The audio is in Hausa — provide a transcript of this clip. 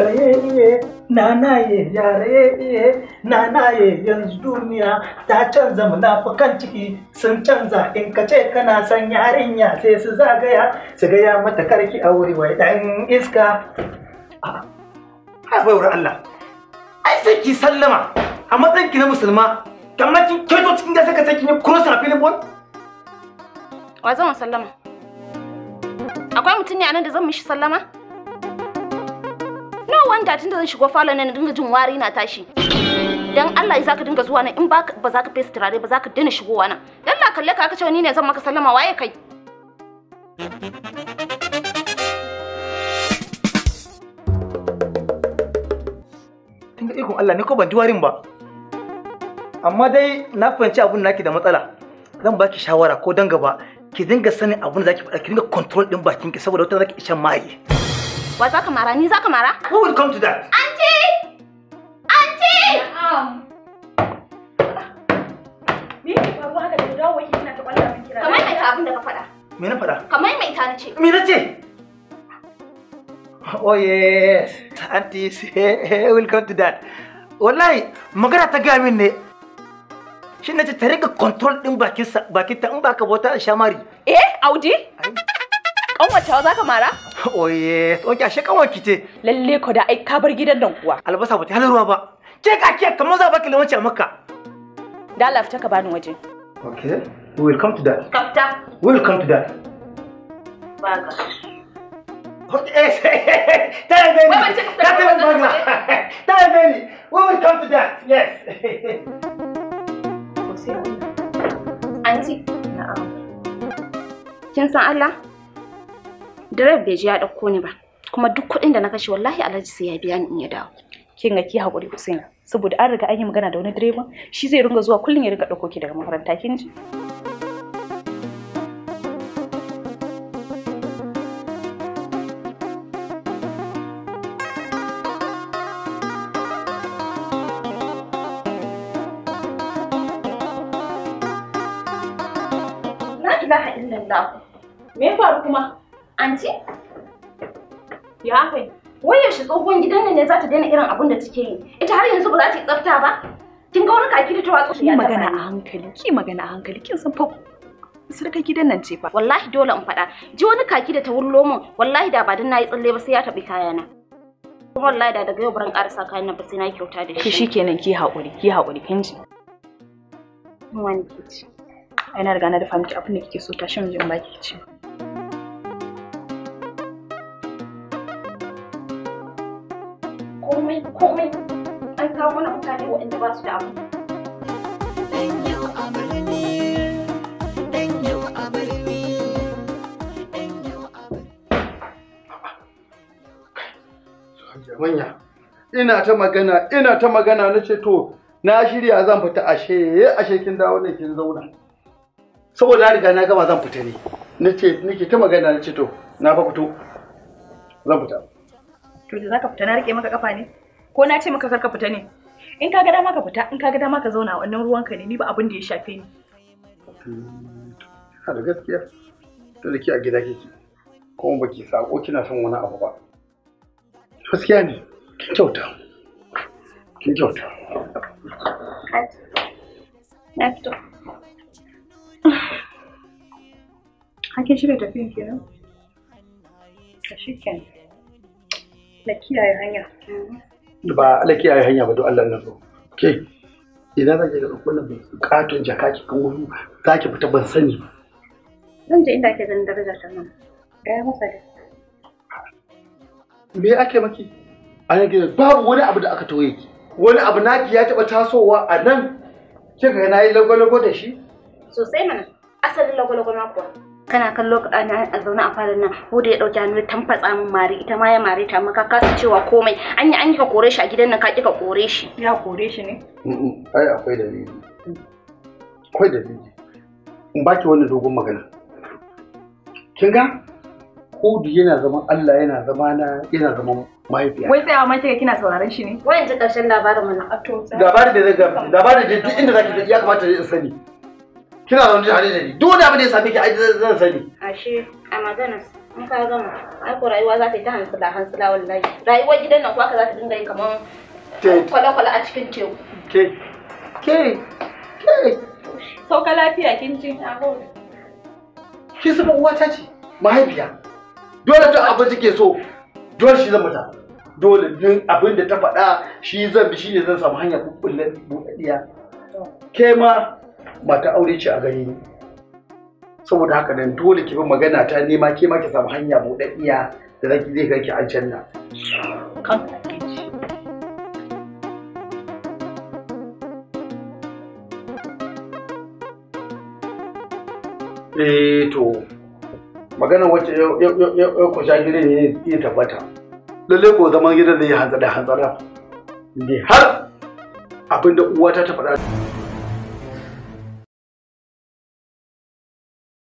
Yare nana ye yare nana ye yanzu duniya ta canza munafukan ciki sun canza in ka ce kana son yarinya sai su zagaya su gaya mata karki a wuri wai dan iska a baiwar Allah ai sai ki sallama a matsayin ki na musulma kamar kin kyoto cikin gasa ka sai kin yi cross a filin ball wa zan sallama akwai mutum ne a nan da zan mishi sallama wanda tunda zan shigo falon nan dinga jin wari na tashi dan Allah ya zaka dinga zuwa nan in ba ba zaka fesa turare ba zaka dina shigowa nan dan la kalle ka kace ni ne zan maka sallama waye kai kin ga ikon Allah ne ko ban ji warin ba amma dai na fahimci abun naki da matsala zan baki shawara ko dan gaba ki dinga sanin abun da zaki faɗa ki dinga control din bakin ki saboda wata zaki ishan maye Wa za ka mara? Ni za ka mara? Who will come to that? aunty aunty. Me yake faruwa haka da dawo wai Kamar mai ta abin da ka faɗa. Me na faɗa? Kamar mai ta na ce. Me na ce? Oh yes, auntie will come to that. Wallahi magana ta gaya min ne Shin na ce ta riga control din bakinta in baka bauta a shamari. Eh, Audi? Kanwacewa za ka mara? Oye, tsoki ashe kanwa ki ce. Lalle ko da ai ka bar gidan nan kuwa. Albasa ba ta halarwa ba. Ke ka ke kamar za ba ki lawanci a Makka. Da Allah fita ka bani waje. Okay, we will come to that. Kafta. We will come to that. Baga. Ta yi beni. Ta yi beni baga. Ta yi beni. We will come to that. Yes. Auntie. Na'am. Kin san Allah? direb bai je ya ɗauko ni ba kuma duk kuɗin da na kashe wallahi alhaji sai ya biya ni in ya dawo kin ga ki hakuri Usaina saboda an riga an yi magana da wani direban shi zai ringa zuwa kullum ya ringa ɗauko ki daga makaranta kin ji ilaha illallah. Me faru kuma? Anti? Ya kai, wai shi tsohon gidan nan ne za ta daina irin abin da take yi? Ita har yanzu ba za ta yi tsafta ba? Kin ga wani kaki da ta watsu shi magana a hankali, ki magana a hankali, kin san fa sarka gidan nan ce fa. Wallahi dole in faɗa. Ji wani kaki da ta wurlo min, wallahi da ba dan nayi tsalle ba sai ya taɓi kayana. Wallahi da daga yau ban ƙarasa kayan nan ba sai na kyauta da shi. Ki shikenan ki haƙuri, ki haƙuri kin ji. Wani kici. Ai na riga na dafa miki abin da kike so ta shan jin ki ci. komai komai an kawo mana mutane waɗanda ba su da abu. Manya, ina ta magana, ina ta magana na ce to na shirya zan fita ashe ashe kin dawo ne kin zauna. Saboda na riga na gama zan fita ne. Nace nake ta magana na ce to na fa fito. Zan fita. to da zaka fita na rike maka kafa ne ko na ce maka karka fita ne in ka ga dama ka fita in ka ga dama ka zauna wannan ruwanka ne ni ba abin da ya shafe ni da gaskiya ta da ke a gida kike kuma baki sako kina son wani abu ba gaskiya ne kin kyauta kin kyauta na fito hakin shirya tafiyan kenan ka shi kenan na kiyaye hanya ba kiyaye hanya ba don Allah na zo ke idan zaki ga wannan katon jaka ki kan za zaki fita ban sani ba zan je inda ake ganin daraja ta nan gaya masa da me ake maki an yi babu wani abu da aka toye ki wani abu naki ya taba tasowa a nan kika ga nayi lagwalago da shi sosai mana asalin lagwalago na kuwa kana kallo ana a zaune a falon nan ko da ya dauki hannu ta tamfatsa min mari ita ma ya mare ta maka kasa cewa komai an yi an yi ka kore shi a gidan nan ka ki ka kore shi ya kore shi ne ai akwai dalili akwai dalili in baki wannan dogon magana kin ga Hudu yana zaman Allah yana zama na yana zaman mahaifiya. Wai tsayawa mai kika kina sauraron shi ne? Wai ji karshen labarin mana. Labarin da zai labarin da duk inda zaki ya kamata ya sani. kina zaune tare da ni duk wani abu da ya same ki ai zan sani ashe a magana in ka gama ai ko rayuwa za ta yi ta hansula hansula wallahi rayuwar gidan nan kuwa ka za ta dinga yin kamar kwale-kwale a cikin teku ke ke ke ka lafiya kin ci ki saba uwata ce mahaifiya dole ta abin take so dole shi zan mata dole din abin da ta faɗa shi zan bi shi ne zan samu hanya kullum buɗaɗɗiya ke ma mata aure ce a gani saboda haka nan dole ki bi magana ta nema ke ma ki samu hanya buɗaɗɗiya da zaki zai kai ki aljanna Eh to magana wacce ya kwasha gidan ne ya tabbata lalle ko zaman gidan ne ya hanzara hanzara ne har abinda uwa ta faɗa